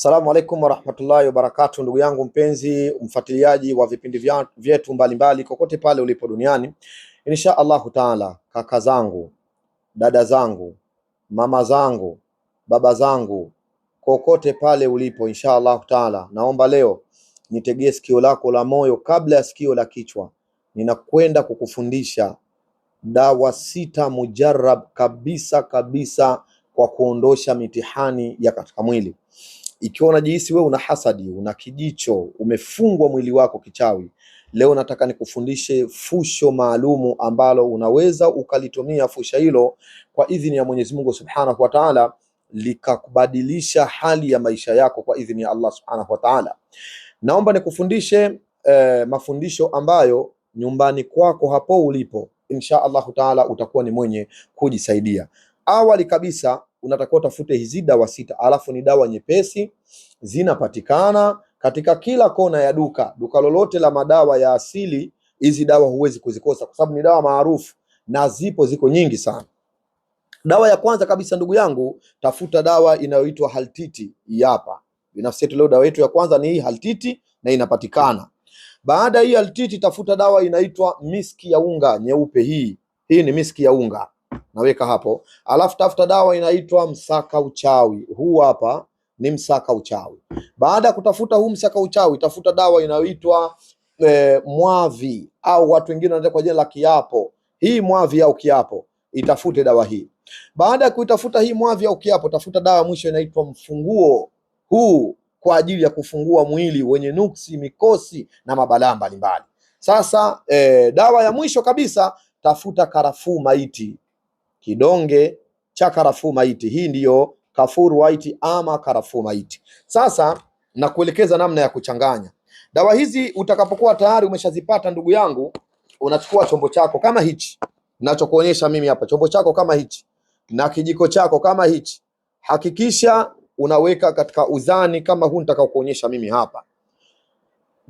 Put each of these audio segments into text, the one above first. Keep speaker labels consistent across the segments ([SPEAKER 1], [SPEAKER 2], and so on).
[SPEAKER 1] Salamu alaikum warahmatullahi wabarakatu, ndugu yangu mpenzi mfuatiliaji wa vipindi vyetu mbalimbali kokote pale ulipo duniani, insha allahu taala, kaka zangu, dada zangu, mama zangu, baba zangu, kokote pale ulipo, insha allahu taala, naomba leo nitegee sikio lako la moyo kabla ya sikio la kichwa. Ninakwenda kukufundisha dawa sita mujarab kabisa kabisa kwa kuondosha mitihani ya katika mwili. Ikiwa unajihisi wewe una hasadi, una kijicho, umefungwa mwili wako kichawi, leo nataka nikufundishe fusho maalumu ambalo unaweza ukalitumia fusha hilo kwa idhini ya Mwenyezi Mungu Subhanahu wa Ta'ala, likakubadilisha hali ya maisha yako kwa idhini ya Allah Subhanahu wa Ta'ala. Naomba nikufundishe eh, mafundisho ambayo nyumbani kwako hapo ulipo, insha Allahu Ta'ala utakuwa ni mwenye kujisaidia. Awali kabisa unatakiwa utafute hizi dawa sita, alafu ni dawa nyepesi, zinapatikana katika kila kona ya duka. Duka lolote la madawa ya asili, hizi dawa huwezi kuzikosa kwa sababu ni dawa maarufu na zipo, ziko nyingi sana. Dawa ya kwanza kabisa, ndugu yangu, tafuta dawa inayoitwa haltiti. Hii hapa binafsi yetu leo, dawa yetu ya kwanza ni hii haltiti na inapatikana. Baada ya hii haltiti, tafuta dawa inaitwa miski ya unga nyeupe. Hii hii ni miski ya unga naweka hapo, alafu tafuta dawa inaitwa msaka uchawi. Huu hapa ni msaka uchawi. Baada ya kutafuta huu msaka uchawi, tafuta dawa inayoitwa e, mwavi au watu wengine wanaita kwa jina la kiapo. Hii mwavi au kiapo, itafute dawa hii. Baada ya kuitafuta hii mwavi au kiapo, tafuta dawa mwisho inaitwa mfunguo huu kwa ajili ya kufungua mwili wenye nuksi, mikosi na mabalaa mbalimbali. Sasa e, dawa ya mwisho kabisa tafuta karafuu maiti kidonge cha karafuu maiti. Hii ndiyo kafuru white ama karafuu maiti. Sasa nakuelekeza namna ya kuchanganya dawa hizi. Utakapokuwa tayari umeshazipata ndugu yangu, unachukua chombo chako kama hichi ninachokuonyesha mimi hapa, chombo chako kama hichi na kijiko chako kama hichi, hakikisha unaweka katika uzani kama huu kuonyesha mimi hapa.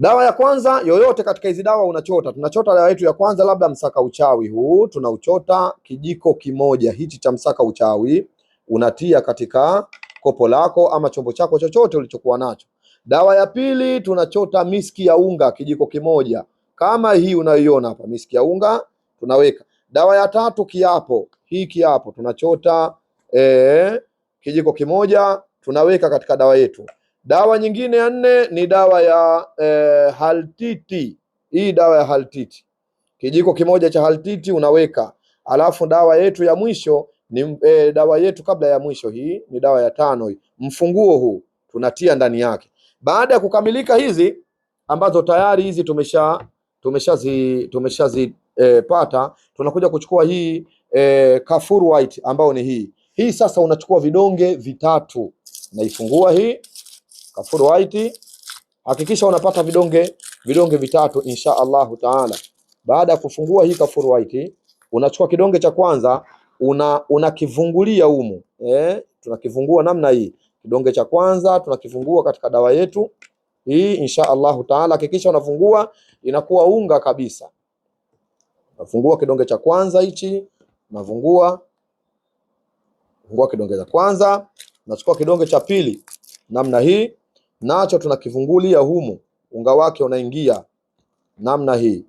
[SPEAKER 1] Dawa ya kwanza yoyote katika hizi dawa unachota, tunachota dawa yetu ya kwanza, labda msaka uchawi huu tunauchota kijiko kimoja hichi cha msaka uchawi, unatia katika kopo lako ama chombo chako chochote ulichokuwa nacho. Dawa ya pili tunachota miski ya unga kijiko kimoja kama hii unayoiona hapa, miski ya unga tunaweka. Dawa ya tatu kiapo, hii kiapo tunachota ee, kijiko kimoja tunaweka katika dawa yetu. Dawa nyingine ya nne ni dawa ya e, haltiti. Hii dawa ya haltiti, kijiko kimoja cha haltiti unaweka. Alafu dawa yetu ya mwisho ni e, dawa yetu kabla ya mwisho, hii ni dawa ya tano. Hii mfunguo huu tunatia ndani yake. Baada ya kukamilika hizi ambazo tayari hizi tumesha tumeshazipata tumeshazi, e, eh, tunakuja kuchukua hii e, Kafur White ambayo ni hii hii. Sasa unachukua vidonge vitatu, naifungua hii kafuru waiti, hakikisha unapata vidonge vidonge vitatu insha Allahu taala. Baada ya kufungua hii kafuru waiti, unachukua kidonge cha kwanza una unakivungulia umu eh, tunakivungua namna hii. Kidonge cha kwanza tunakivungua katika dawa yetu hii insha Allahu taala. Hakikisha unafungua inakuwa unga kabisa. Unafungua kidonge cha kwanza hichi, unavungua fungua kidonge cha kwanza, unachukua kidonge cha pili namna hii nacho tunakivungulia humu, unga wake unaingia namna hii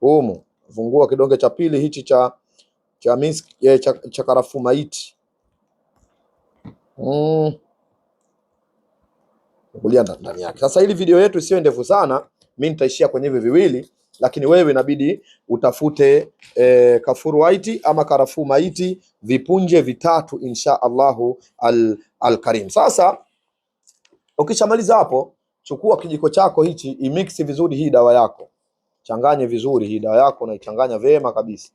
[SPEAKER 1] humu. Vungua kidonge cha pili hichi cha cha misk, eh, cha, cha karafuu maiti mm. Kulia ndani yake. Sasa ili video yetu isiwe ndefu sana, mimi nitaishia kwenye hivi viwili, lakini wewe inabidi utafute e, eh, kafuru waiti ama karafuu maiti vipunje vitatu insha Allahu al, al karim. Sasa Ukishamaliza hapo, chukua kijiko chako hichi, imix vizuri hii dawa yako, changanye vizuri hii dawa yako, naichanganya vyema kabisa,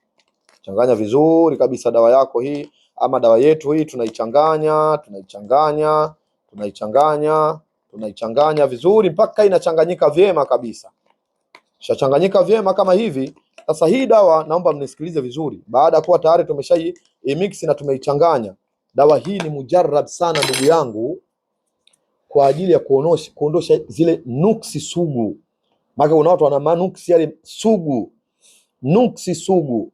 [SPEAKER 1] changanya vizuri kabisa dawa yako hii ama dawa yetu hii, tunaichanganya tunaichanganya tunaichanganya tunaichanganya vizuri mpaka inachanganyika vyema kabisa. Shachanganyika vyema kama hivi. Sasa hii dawa naomba mnisikilize vizuri. Baada ya kuwa tayari tumeshai mix na tumeichanganya dawa hii, ni mujarab sana ndugu yangu, kwa ajili ya kuondosha kuondosha zile nuksi sugu. Maana kuna watu wana manuksi yale sugu, nuksi sugu.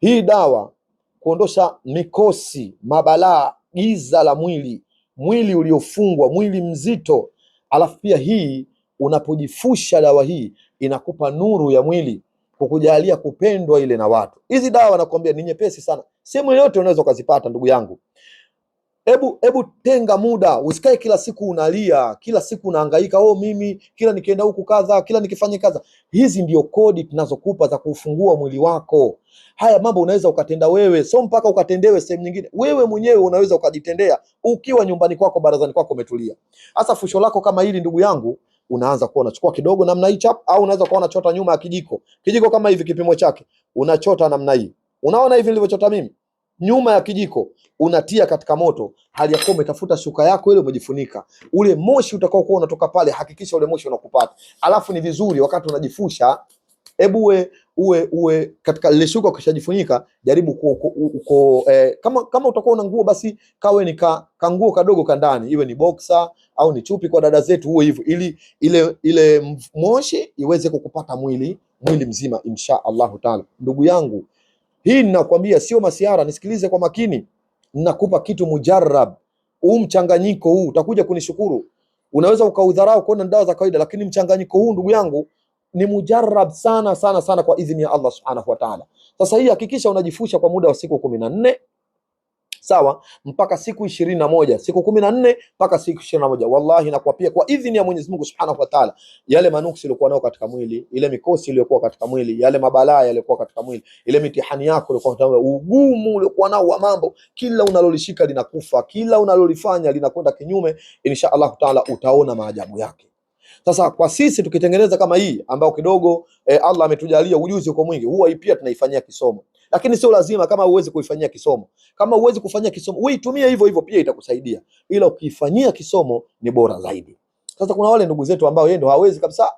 [SPEAKER 1] Hii dawa kuondosha mikosi, mabalaa, giza la mwili, mwili uliofungwa, mwili mzito. Alafu pia hii unapojifusha dawa hii inakupa nuru ya mwili kukujalia kupendwa ile na watu. Hizi dawa nakwambia ni nyepesi sana, sehemu yoyote unaweza ukazipata ndugu yangu. Hebu hebu tenga muda, usikae kila siku unalia, kila siku unahangaika, oh, mimi kila nikienda huku kadha, kila nikifanya kadha. Hizi ndio kodi tunazokupa za kufungua mwili wako. Haya mambo unaweza ukatenda wewe, so mpaka ukatendewe sehemu nyingine. Wewe mwenyewe unaweza ukajitendea ukiwa nyumbani kwako, barazani kwako, umetulia. Hasa fusho lako kama hili, ndugu yangu, unaanza kuwa unachukua kidogo namna hii chap, au unaweza kuwa unachota nyuma ya kijiko, kijiko kama hivi, kipimo chake unachota namna hii. Unaona hivi nilivyochota mimi nyuma ya kijiko unatia katika moto, hali ya kuwa umetafuta shuka yako ile umejifunika. Ule moshi utakao kuwa unatoka pale, hakikisha ule moshi unakupata. Alafu ni vizuri wakati unajifusha, hebu uwe uwe uwe katika lile shuka, ukishajifunika jaribu uko, uko, eh, kama kama utakuwa una nguo basi kawe ni ka, kanguo kadogo ka ndani, iwe ni boxer au ni chupi, kwa dada zetu uwe hivyo, ili ile ile moshi iweze kukupata mwili mwili mzima, insha Allahu taala, ndugu yangu. Hii ninakwambia sio masiara, nisikilize kwa makini. Ninakupa kitu mujarab. Huu mchanganyiko huu utakuja kunishukuru. Unaweza ukaudharau kuona dawa za kawaida, lakini mchanganyiko huu ndugu yangu ni mujarab sana sana sana, kwa idhini ya Allah subhanahu wa ta'ala. Sasa hii hakikisha unajifusha kwa muda wa siku kumi na nne sawa, mpaka siku ishirini na moja siku kumi na nne mpaka siku ishirini na moja Wallahi nakuapia kwa idhini ya Mwenyezi Mungu Subhanahu wa Ta'ala, yale manuksi yaliokuwa nayo katika mwili, ile mikosi iliyokuwa katika mwili, yale mabalaa yaliokuwa katika mwili, ile mitihani yako iliyokuwa katika mwili, ugumu uliokuwa nao wa mambo, kila unalolishika linakufa, kila unalolifanya linakwenda kinyume, insha Allah Ta'ala utaona maajabu yake. Sasa kwa sisi tukitengeneza kama hii ambayo kidogo eh, Allah ametujalia ujuzi uko mwingi, huwa hii pia tunaifanyia kisomo lakini sio lazima. Kama uwezi kuifanyia kisomo, kama uwezi kufanyia kisomo, wewe itumie hivyo hivyo, pia itakusaidia, ila ukifanyia kisomo ni bora zaidi. Sasa kuna wale ndugu zetu ambao yeye ndio hawezi kabisa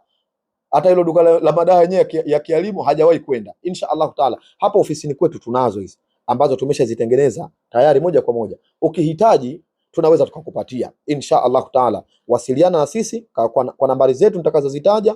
[SPEAKER 1] hata hilo duka la madawa yenyewe ya kialimu hajawahi kwenda. Insha Allahu taala, hapa ofisini kwetu tunazo hizi ambazo tumeshazitengeneza tayari moja kwa moja. Ukihitaji tunaweza tukakupatia insha taala. Wasiliana na sisi kwa, kwa nambari zetu nitakazozitaja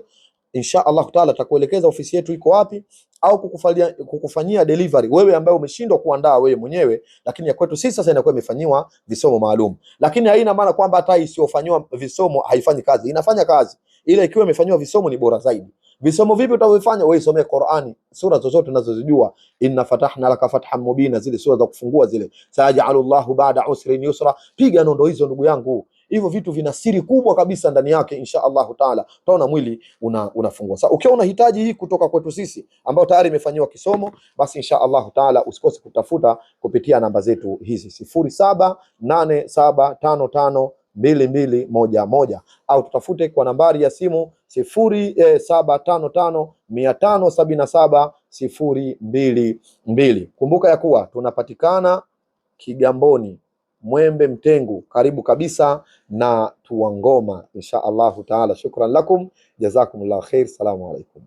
[SPEAKER 1] insha Allah taala tutakuelekeza ofisi yetu iko wapi, au kukufalia, kukufanyia delivery wewe ambaye umeshindwa kuandaa wewe mwenyewe, lakini ya kwetu sisi sasa inakuwa imefanyiwa visomo maalum, lakini haina maana kwamba hata isiyofanyiwa visomo haifanyi kazi, inafanya kazi, ila ikiwa imefanyiwa visomo ni bora zaidi. Visomo vipi utavyofanya wewe? Isomee Qur'ani, sura zozote unazozijua, inna fatahna laka fathan mubina, zile sura za kufungua zile, sayajalullahu baada usrin yusra, piga nondo hizo ndugu yangu hivyo vitu vina siri kubwa kabisa ndani yake, insha Allahu taala utaona mwili unafungua. Una sasa ukiwa unahitaji hii kutoka kwetu sisi ambao tayari imefanyiwa kisomo, basi insha Allahu taala usikose kutafuta kupitia namba zetu hizi sifuri saba nane saba tano tano mbili mbili moja moja au tutafute kwa nambari ya simu sifuri eh, saba tano tano mia tano sabini na saba sifuri mbili mbili. Kumbuka ya kuwa tunapatikana Kigamboni. Mwembe Mtengu, karibu kabisa na Tuangoma, insha allahu taala. Shukran lakum, jazakumullahu khair, salamu alaikum.